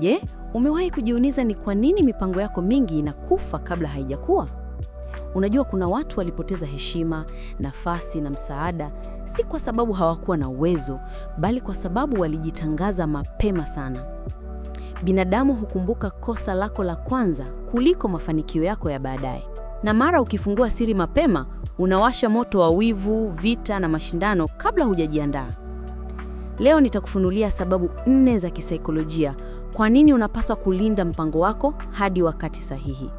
Je, umewahi kujiuliza ni kwa nini mipango yako mingi inakufa kabla haijakuwa? Unajua, kuna watu walipoteza heshima, nafasi na msaada, si kwa sababu hawakuwa na uwezo, bali kwa sababu walijitangaza mapema sana. Binadamu hukumbuka kosa lako la kwanza kuliko mafanikio yako ya baadaye, na mara ukifungua siri mapema, unawasha moto wa wivu, vita na mashindano kabla hujajiandaa. Leo nitakufunulia sababu nne za kisaikolojia kwa nini unapaswa kulinda mpango wako hadi wakati sahihi.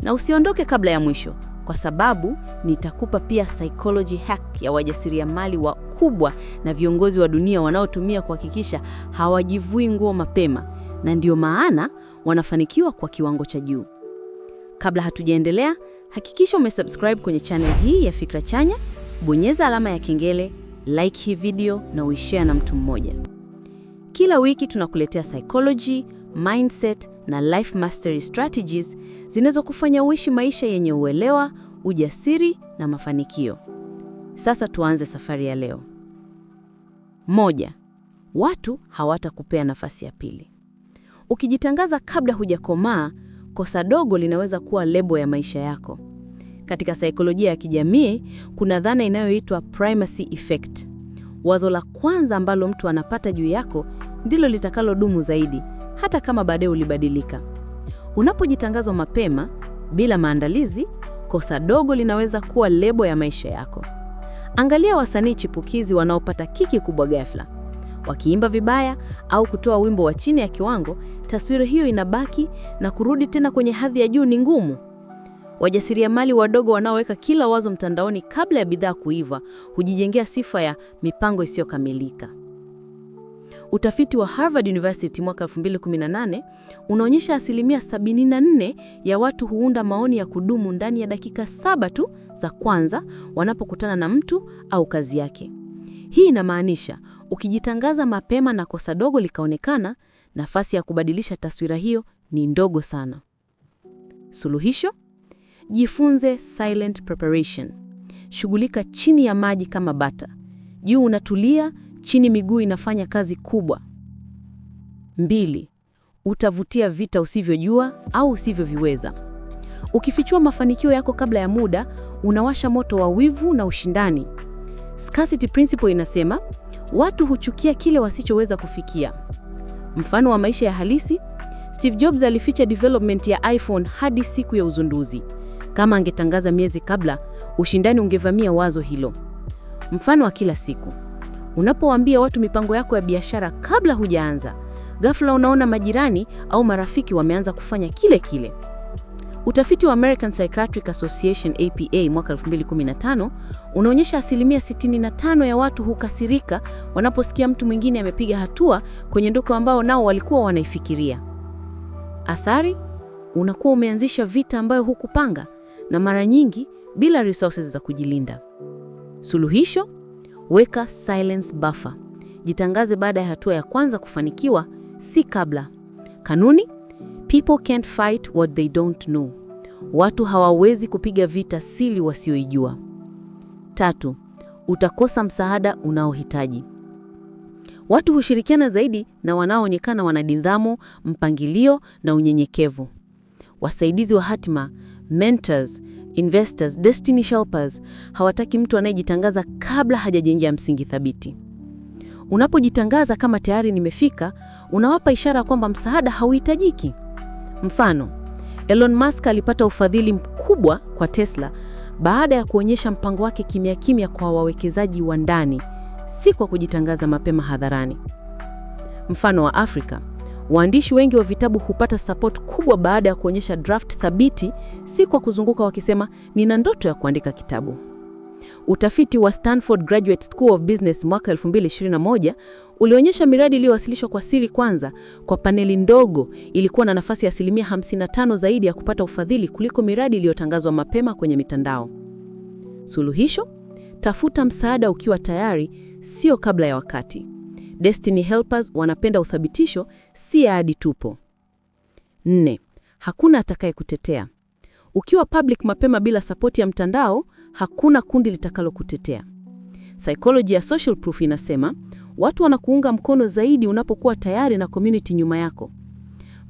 Na usiondoke kabla ya mwisho, kwa sababu nitakupa pia psychology hack ya wajasiriamali wakubwa na viongozi wa dunia wanaotumia kuhakikisha hawajivui nguo mapema, na ndio maana wanafanikiwa kwa kiwango cha juu. Kabla hatujaendelea, hakikisha umesubscribe kwenye channel hii ya Fikra Chanya, bonyeza alama ya kengele like hii video na uishare na mtu mmoja. Kila wiki tunakuletea psychology, mindset na life mastery strategies zinazokufanya uishi maisha yenye uelewa, ujasiri na mafanikio. Sasa tuanze safari ya leo. Moja, watu hawatakupea nafasi ya pili. Ukijitangaza kabla hujakomaa, kosa dogo linaweza kuwa lebo ya maisha yako. Katika saikolojia ya kijamii kuna dhana inayoitwa primacy effect. Wazo la kwanza ambalo mtu anapata juu yako ndilo litakalodumu zaidi, hata kama baadaye ulibadilika. Unapojitangazwa mapema bila maandalizi, kosa dogo linaweza kuwa lebo ya maisha yako. Angalia wasanii chipukizi wanaopata kiki kubwa ghafla, wakiimba vibaya au kutoa wimbo wa chini ya kiwango, taswira hiyo inabaki na kurudi tena kwenye hadhi ya juu ni ngumu. Wajasiriamali wadogo wanaoweka kila wazo mtandaoni kabla ya bidhaa kuiva hujijengea sifa ya mipango isiyokamilika. Utafiti wa Harvard University mwaka 2018 unaonyesha asilimia 74 ya watu huunda maoni ya kudumu ndani ya dakika saba tu za kwanza wanapokutana na mtu au kazi yake. Hii inamaanisha ukijitangaza mapema na kosa dogo likaonekana, nafasi ya kubadilisha taswira hiyo ni ndogo sana. Suluhisho Jifunze silent preparation. Shughulika chini ya maji kama bata. Juu unatulia, chini miguu inafanya kazi kubwa. Mbili, utavutia vita usivyojua au usivyoviweza. Ukifichua mafanikio yako kabla ya muda, unawasha moto wa wivu na ushindani. Scarcity principle inasema watu huchukia kile wasichoweza kufikia. Mfano wa maisha ya halisi, Steve Jobs alificha development ya iPhone hadi siku ya uzinduzi. Kama angetangaza miezi kabla, ushindani ungevamia wazo hilo. Mfano wa kila siku, unapowaambia watu mipango yako ya biashara kabla hujaanza, ghafla unaona majirani au marafiki wameanza kufanya kile kile. Utafiti wa American Psychiatric Association APA mwaka 2015 unaonyesha asilimia 65 ya watu hukasirika wanaposikia mtu mwingine amepiga hatua kwenye ndoto ambao nao walikuwa wanaifikiria. Athari, unakuwa umeanzisha vita ambayo hukupanga, na mara nyingi bila resources za kujilinda. Suluhisho: weka silence buffer. Jitangaze baada ya hatua ya kwanza kufanikiwa, si kabla. Kanuni: people can't fight what they don't know. Watu hawawezi kupiga vita siri wasioijua. Tatu, utakosa msaada unaohitaji. Watu hushirikiana zaidi na wanaoonekana wana nidhamu, mpangilio na unyenyekevu. Wasaidizi wa hatima mentors, investors, destiny shoppers hawataki mtu anayejitangaza kabla hajajenga msingi thabiti. Unapojitangaza kama tayari nimefika, unawapa ishara kwamba msaada hauhitajiki. Mfano, Elon Musk alipata ufadhili mkubwa kwa Tesla baada ya kuonyesha mpango wake kimya kimya kwa wawekezaji wa ndani, si kwa kujitangaza mapema hadharani. Mfano wa Afrika Waandishi wengi wa vitabu hupata support kubwa baada ya kuonyesha draft thabiti, si kwa kuzunguka wakisema nina ndoto ya kuandika kitabu. Utafiti wa Stanford Graduate School of Business mwaka 2021 ulionyesha miradi iliyowasilishwa kwa siri kwanza kwa paneli ndogo ilikuwa na nafasi ya asilimia 55 zaidi ya kupata ufadhili kuliko miradi iliyotangazwa mapema kwenye mitandao. Suluhisho: tafuta msaada ukiwa tayari, sio kabla ya wakati. Destiny Helpers wanapenda uthabitisho, si ahadi tupo. Nne, hakuna atakayekutetea. Ukiwa public mapema bila sapoti ya mtandao, hakuna kundi litakalokutetea. Psychology ya social proof inasema watu wanakuunga mkono zaidi unapokuwa tayari na community nyuma yako.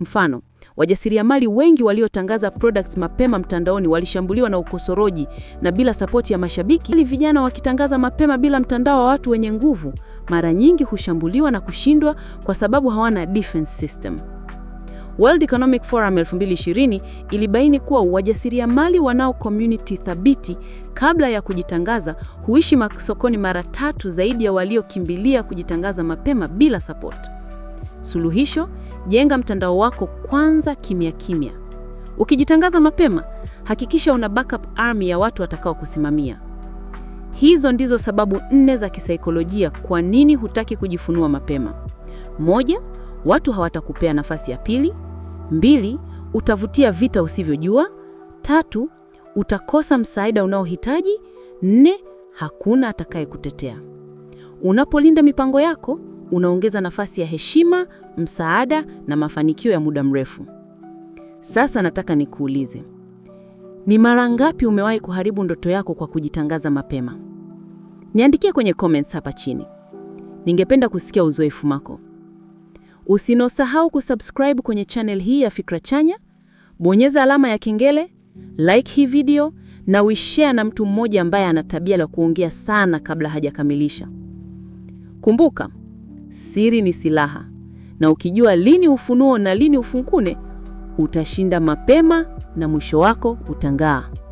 Mfano, Wajasiriamali wengi waliotangaza products mapema mtandaoni walishambuliwa na ukosoroji na bila sapoti ya mashabiki, ili vijana wakitangaza mapema bila mtandao wa watu wenye nguvu, mara nyingi hushambuliwa na kushindwa kwa sababu hawana defense system. World Economic Forum 2020 ilibaini kuwa wajasiriamali wanao community thabiti kabla ya kujitangaza huishi masokoni mara tatu zaidi ya waliokimbilia kujitangaza mapema bila support. Suluhisho: jenga mtandao wako kwanza, kimya kimya. Ukijitangaza mapema, hakikisha una backup army ya watu watakao kusimamia. Hizo ndizo sababu nne za kisaikolojia kwa nini hutaki kujifunua mapema. Moja, watu hawatakupea nafasi ya pili. Mbili, utavutia vita usivyojua. Tatu, utakosa msaada unaohitaji. Nne, hakuna atakayekutetea. Unapolinda mipango yako unaongeza nafasi ya heshima, msaada na mafanikio ya muda mrefu. Sasa nataka nikuulize, ni mara ngapi umewahi kuharibu ndoto yako kwa kujitangaza mapema? Niandikie kwenye comments hapa chini. Ningependa kusikia uzoefu wako. Usinosahau kusubscribe kwenye channel hii ya Fikra Chanya, bonyeza alama ya kengele, like hii video na uishare na mtu mmoja ambaye ana tabia la kuongea sana kabla hajakamilisha. Kumbuka, Siri ni silaha, na ukijua lini ufunuo na lini ufunkune, utashinda mapema na mwisho wako utang'aa.